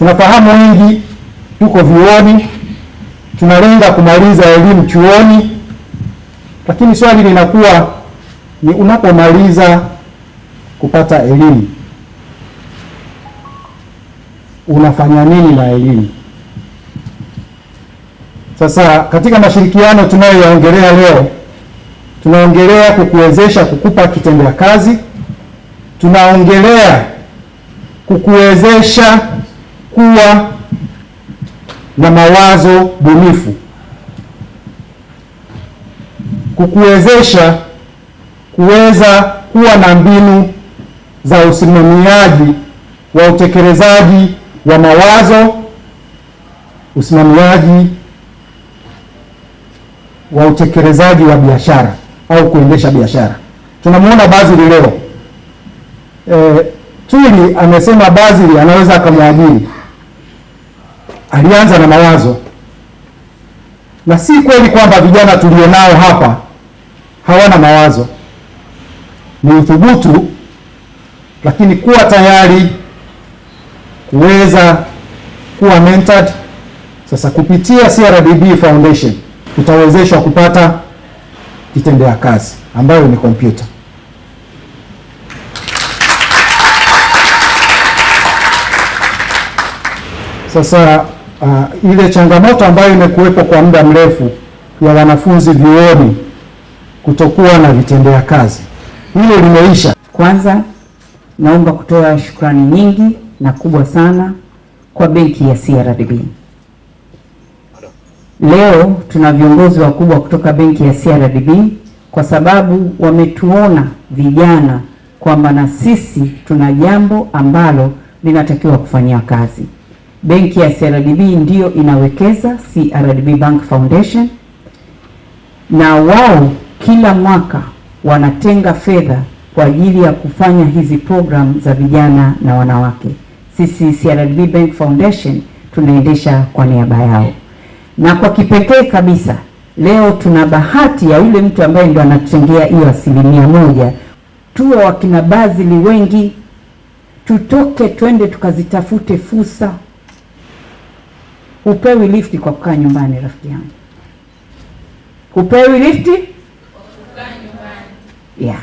Tunafahamu wengi tuko vyuoni, tunalenga kumaliza elimu chuoni, lakini swali linakuwa ni unapomaliza kupata elimu unafanya nini na elimu? Sasa katika mashirikiano tunayoyaongelea leo, tunaongelea kukuwezesha kukupa kitendea kazi, tunaongelea kukuwezesha kuwa na mawazo bunifu kukuwezesha kuweza kuwa na mbinu za usimamiaji wa utekelezaji wa mawazo, usimamiaji wa utekelezaji wa biashara au kuendesha biashara. Tunamwona Bazili leo e, eh, Tuli amesema Bazili anaweza akamwajiri alianza na mawazo, na si kweli kwamba vijana tulionao hapa hawana mawazo, ni uthubutu, lakini kuwa tayari kuweza kuwa mentored. Sasa kupitia CRDB Foundation tutawezeshwa kupata kitendea kazi ambayo ni kompyuta. Sasa uh, ile changamoto ambayo imekuwepo kwa muda mrefu ya wanafunzi vyuoni kutokuwa na vitendea kazi, hilo limeisha. Kwanza naomba kutoa shukrani nyingi na kubwa sana kwa benki ya CRDB. Leo tuna viongozi wakubwa kutoka benki ya CRDB kwa sababu wametuona vijana kwamba na sisi tuna jambo ambalo linatakiwa kufanyia kazi benki ya CRDB ndiyo inawekeza CRDB Bank Foundation, na wao kila mwaka wanatenga fedha kwa ajili ya kufanya hizi program za vijana na wanawake. Sisi CRDB Bank Foundation tunaendesha kwa niaba yao, na kwa kipekee kabisa leo tuna bahati ya yule mtu ambaye ndo anatutengea hiyo asilimia moja. Tuwe wakina Bazili wengi, tutoke twende tukazitafute fursa Hupewi lifti kwa kukaa nyumbani, rafiki yangu, hupewi lifti kwa kukaa nyumbani. Yeah,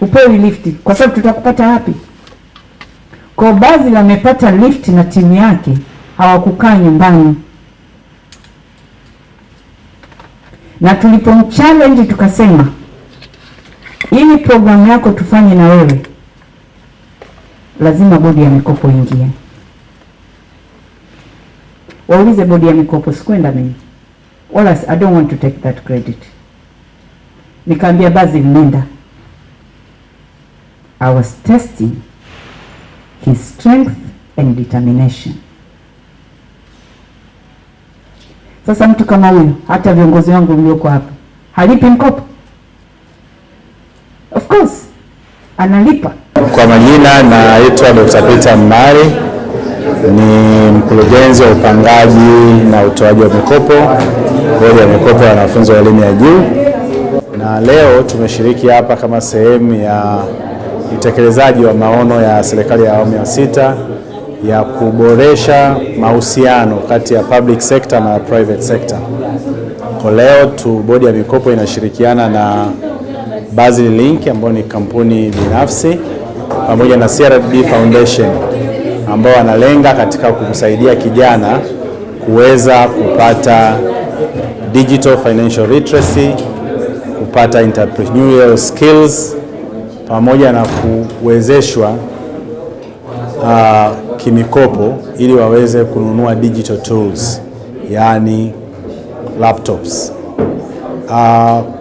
hupewi lifti kwa sababu tutakupata wapi? Kwa baadhi wamepata lifti na timu yake, hawakukaa nyumbani na tulipomchallenge tukasema, ili programu yako tufanye na wewe, lazima bodi ya mikopo ingie waulize bodi ya mikopo, sikwenda mimi wala I don't want to take that credit. Nikaambia basi nenda. I was testing his strength and determination. Sasa mtu kama huyu, hata viongozi wangu mlioko hapa, halipi mkopo? Of course analipa. Kwa majina naitwa Dr. Peter Mmari ni mkurugenzi wa upangaji na utoaji wa mikopo bodi ya mikopo ya wanafunzi wa elimu ya juu, na leo tumeshiriki hapa kama sehemu ya utekelezaji wa maono ya serikali ya awamu ya sita ya kuboresha mahusiano kati ya public sector na private sector. Kwa leo tu bodi ya mikopo inashirikiana na Basil Link ambayo ni kampuni binafsi pamoja na CRDB Foundation ambao analenga katika kumsaidia kijana kuweza kupata digital financial literacy, kupata entrepreneurial skills pamoja na kuwezeshwa uh, kimikopo ili waweze kununua digital tools yaani laptops. Uh,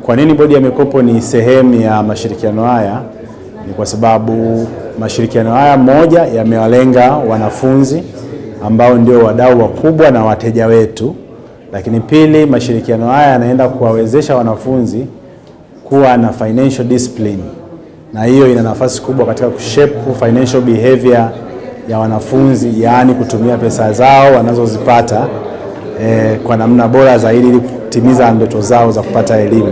kwa nini bodi ya mikopo ni sehemu ya mashirikiano haya? Ni kwa sababu mashirikiano haya, moja, yamewalenga wanafunzi ambao ndio wadau wakubwa na wateja wetu, lakini pili, mashirikiano haya yanaenda kuwawezesha wanafunzi kuwa na financial discipline, na hiyo ina nafasi kubwa katika kushape financial behavior ya wanafunzi, yaani kutumia pesa zao wanazozipata eh, kwa namna bora zaidi ili kutimiza ndoto zao za kupata elimu.